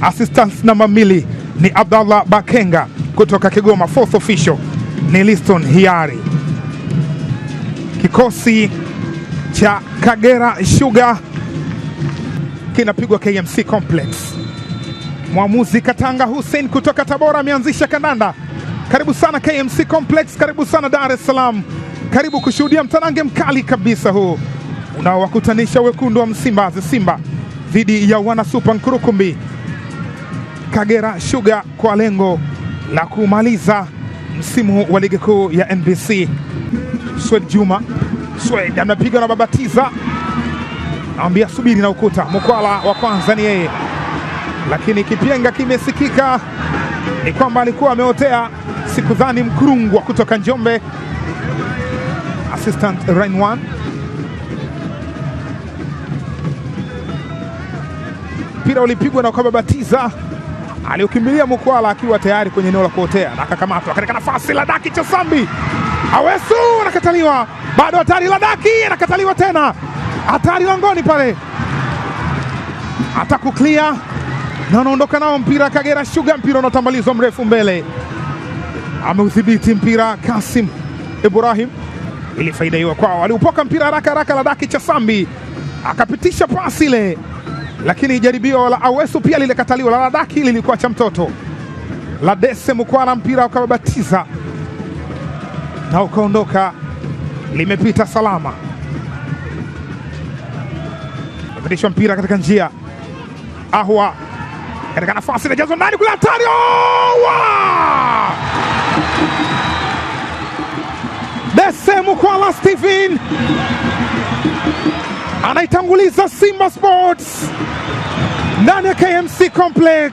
Assistant namba mbili ni Abdallah Bakenga kutoka Kigoma. Fourth official ni Liston Hiari. Kikosi cha Kagera Sugar kinapigwa KMC Complex. Mwamuzi Katanga Hussein kutoka Tabora ameanzisha kandanda. Karibu sana KMC Complex, karibu sana Dar es Salaam, karibu kushuhudia mtanange mkali kabisa huu unaowakutanisha wekundu wa Msimbazi, Simba dhidi ya wana Super Nkurukumbi Kagera Sugar kwa lengo la kumaliza msimu wa ligi kuu ya NBC. Swed Juma Swed anapiga na babatiza, anamwambia subiri na ukuta. Mkwala wa kwanza ni yeye, lakini kipyenga kimesikika ni kwamba alikuwa ameotea. Sikudhani Mkurungwa kutoka Njombe, assistant One mpira ulipigwa na ukababatiza, aliokimbilia Mukwala akiwa tayari kwenye eneo la kuotea na akakamatwa katika nafasi. Ladaki Chasambi awesu anakataliwa, bado hatari. Ladaki anakataliwa tena, hatari langoni pale, atakuklia na anaondoka nao mpira. Kagera Shuga, mpira unaotambalizwa mrefu mbele, ameudhibiti mpira Kasim Ibrahim ili faida iwe kwao. Aliupoka mpira haraka haraka, Ladaki Chasambi akapitisha pasi ile lakini jaribio la Awesu pia lilikataliwa, la Ladaki lilikuwa cha mtoto. Ladese mukwala mpira ukababatiza na ukaondoka, limepita salama. Amepitishwa mpira katika njia Ahwa katika nafasi inajazwa ndani kule hatari oh, Dese Mukwala Stephen anaitanguliza Simba Sports ndani ya KMC Complex,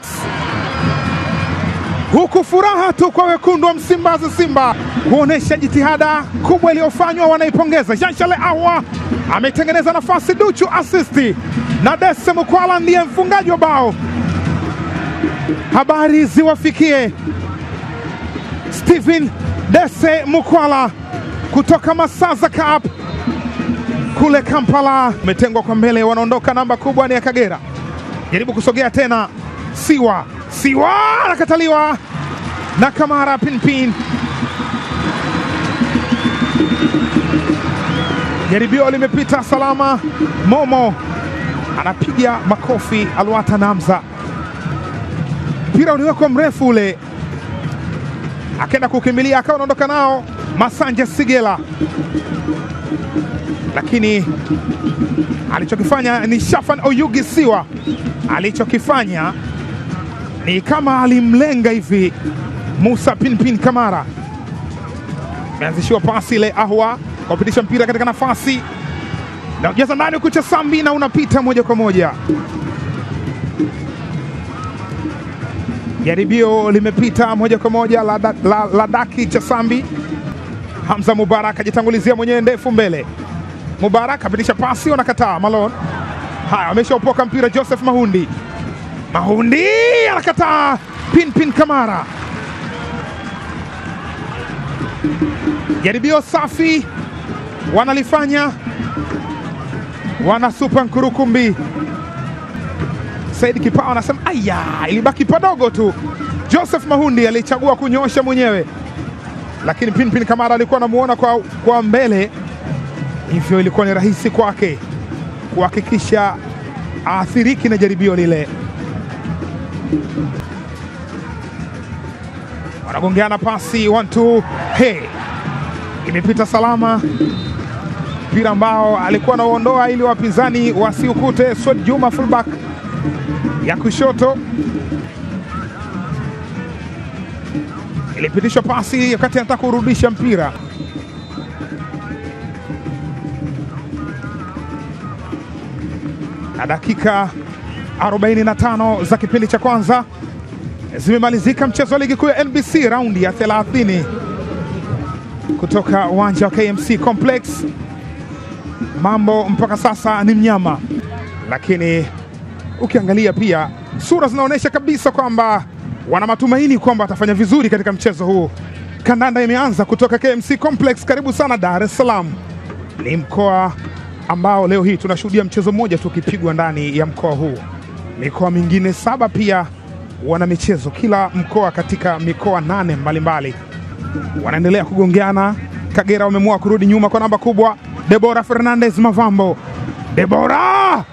huku furaha tu kwa wekundu wa Msimbazi Simba kuonesha jitihada kubwa iliyofanywa, wanaipongeza. Jean Charles Ahoua ametengeneza nafasi, Duchu asisti na Dese Mukwala ndiye mfungaji wa bao. Habari ziwafikie Stephen Dese Mukwala kutoka Masaza Cup kule Kampala, umetengwa kwa mbele, wanaondoka. Namba kubwa ni ya Kagera, jaribu kusogea tena. Siwa Siwa anakataliwa na Kamara Pinpin. Jaribio limepita salama. Momo anapiga makofi. Alwata Namza, mpira uliwekwa mrefu ule, akaenda kukimbilia, akawa anaondoka nao Masanje Sigela lakini alichokifanya ni Shafan Oyugi Siwa, alichokifanya ni kama alimlenga hivi Musa Pinpin Kamara. Imeanzishiwa pasi ile, Ahwa kaupitisha mpira katika nafasi na ujaza ndani, kucha Sambi na unapita moja kwa moja. Jaribio limepita moja kwa moja la, ladaki la, la daki cha Sambi. Hamza Mubarak ajitangulizia mwenyewe ndefu mbele. Mubarak apitisha pasi, wanakataa. Malon, haya, ameshaupoka mpira. Joseph Mahundi, Mahundi anakataa. Pinpin Kamara, jaribio safi wanalifanya super nkurukumbi. Said Kipao anasema aya, ilibaki padogo tu. Joseph Mahundi alichagua kunyosha mwenyewe, lakini pin Kamara alikuwa anamuona kwa, kwa mbele hivyo ilikuwa ni rahisi kwake kuhakikisha aathiriki na jaribio lile. Wanagongeana pasi 1 hey, imepita salama, mpira ambao alikuwa anauondoa ili wapinzani wasiukute. Swed Juma fullback ya kushoto ilipitishwa pasi wakati anataka kurudisha mpira. na dakika 45 za kipindi cha kwanza zimemalizika, mchezo wa ligi kuu ya NBC raundi ya 30 kutoka uwanja wa KMC Complex. Mambo mpaka sasa ni mnyama, lakini ukiangalia pia sura zinaonyesha kabisa kwamba wana matumaini kwamba watafanya vizuri katika mchezo huu. Kandanda imeanza kutoka KMC Complex. Karibu sana Dar es Salaam, ni mkoa ambao leo hii tunashuhudia mchezo mmoja tu ukipigwa ndani ya mkoa huu. Mikoa mingine saba pia wana michezo, kila mkoa katika mikoa nane mbalimbali Wanaendelea kugongeana. Kagera wameamua kurudi nyuma kwa namba kubwa. Debora Fernandez Mavambo, Debora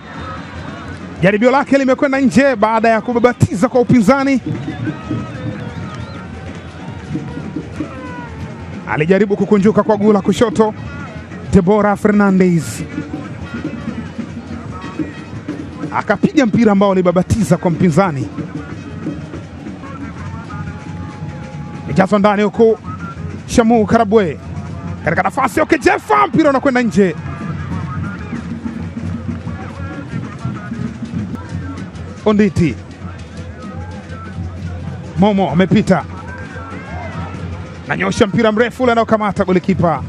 jaribio lake limekwenda nje baada ya kubabatiza kwa upinzani. Alijaribu kukunjuka kwa guu la kushoto Debora Fernandez akapiga mpira ambao alibabatiza kwa mpinzani, ijazwa ndani huku Shamu Karabwe katika nafasi yake Jefa, mpira unakwenda nje. Onditi Momo amepita, nanyosha mpira mrefu ule anaokamata golikipa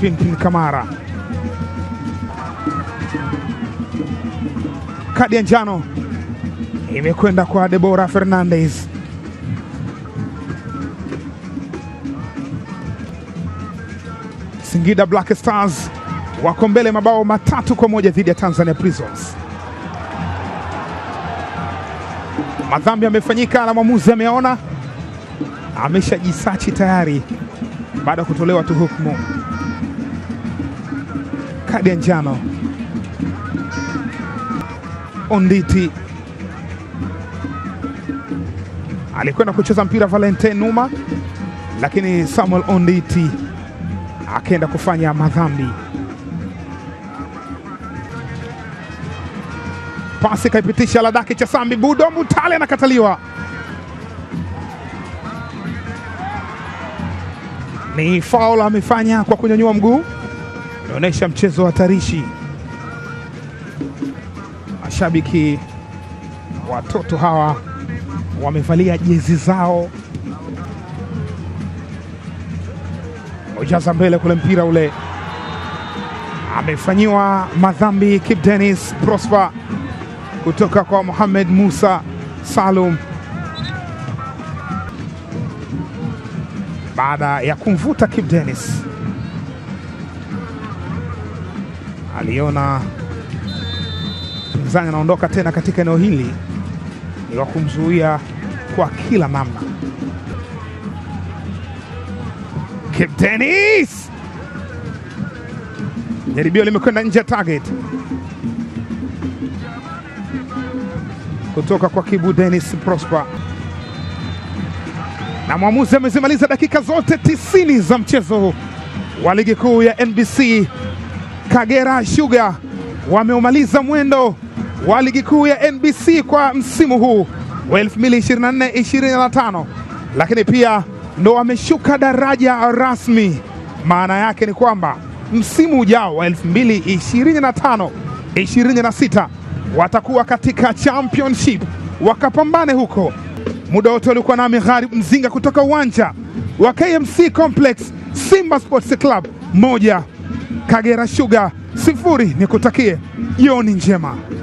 Fintin Kamara. Kadi ya njano imekwenda kwa Debora Fernandez. Singida Black Stars wako mbele mabao matatu kwa moja dhidi ya Tanzania Prisons. Madhambi amefanyika na mwamuzi ameona, ameshajisachi tayari baada ya kutolewa tu hukumu kadi ya njano. Onditi alikwenda kucheza mpira Valentin Numa, lakini Samuel Onditi akaenda kufanya madhambi. Pasi kaipitisha Ladaki Chasambi, Budo Mutale anakataliwa. Ni faul amefanya kwa kunyanyua mguu inaonyesha mchezo wa tarishi Mashabiki watoto hawa wamevalia jezi zao, ujaza mbele kule, mpira ule amefanyiwa madhambi Kip Dennis Prosper kutoka kwa Mohamed Musa Salum baada ya kumvuta Kip Dennis. aliona mpinzani anaondoka tena katika eneo hili, ni wa kumzuia kwa kila namna. Kibu Denis, jaribio limekwenda nje ya target kutoka kwa Kibu Denis Prosper, na mwamuzi amezimaliza dakika zote tisini za mchezo wa ligi kuu ya NBC. Kagera Sugar wameumaliza mwendo wa ligi kuu ya NBC kwa msimu huu wa 2024 lakini pia ndo wameshuka daraja rasmi. Maana yake ni kwamba msimu ujao wa 2025 26 watakuwa katika championship wakapambane huko. Muda wote walikuwa nami Gharib Mzinga kutoka uwanja wa KMC Complex Simba Sports Club moja Kagera Sugar sifuri. Nikutakie jioni njema.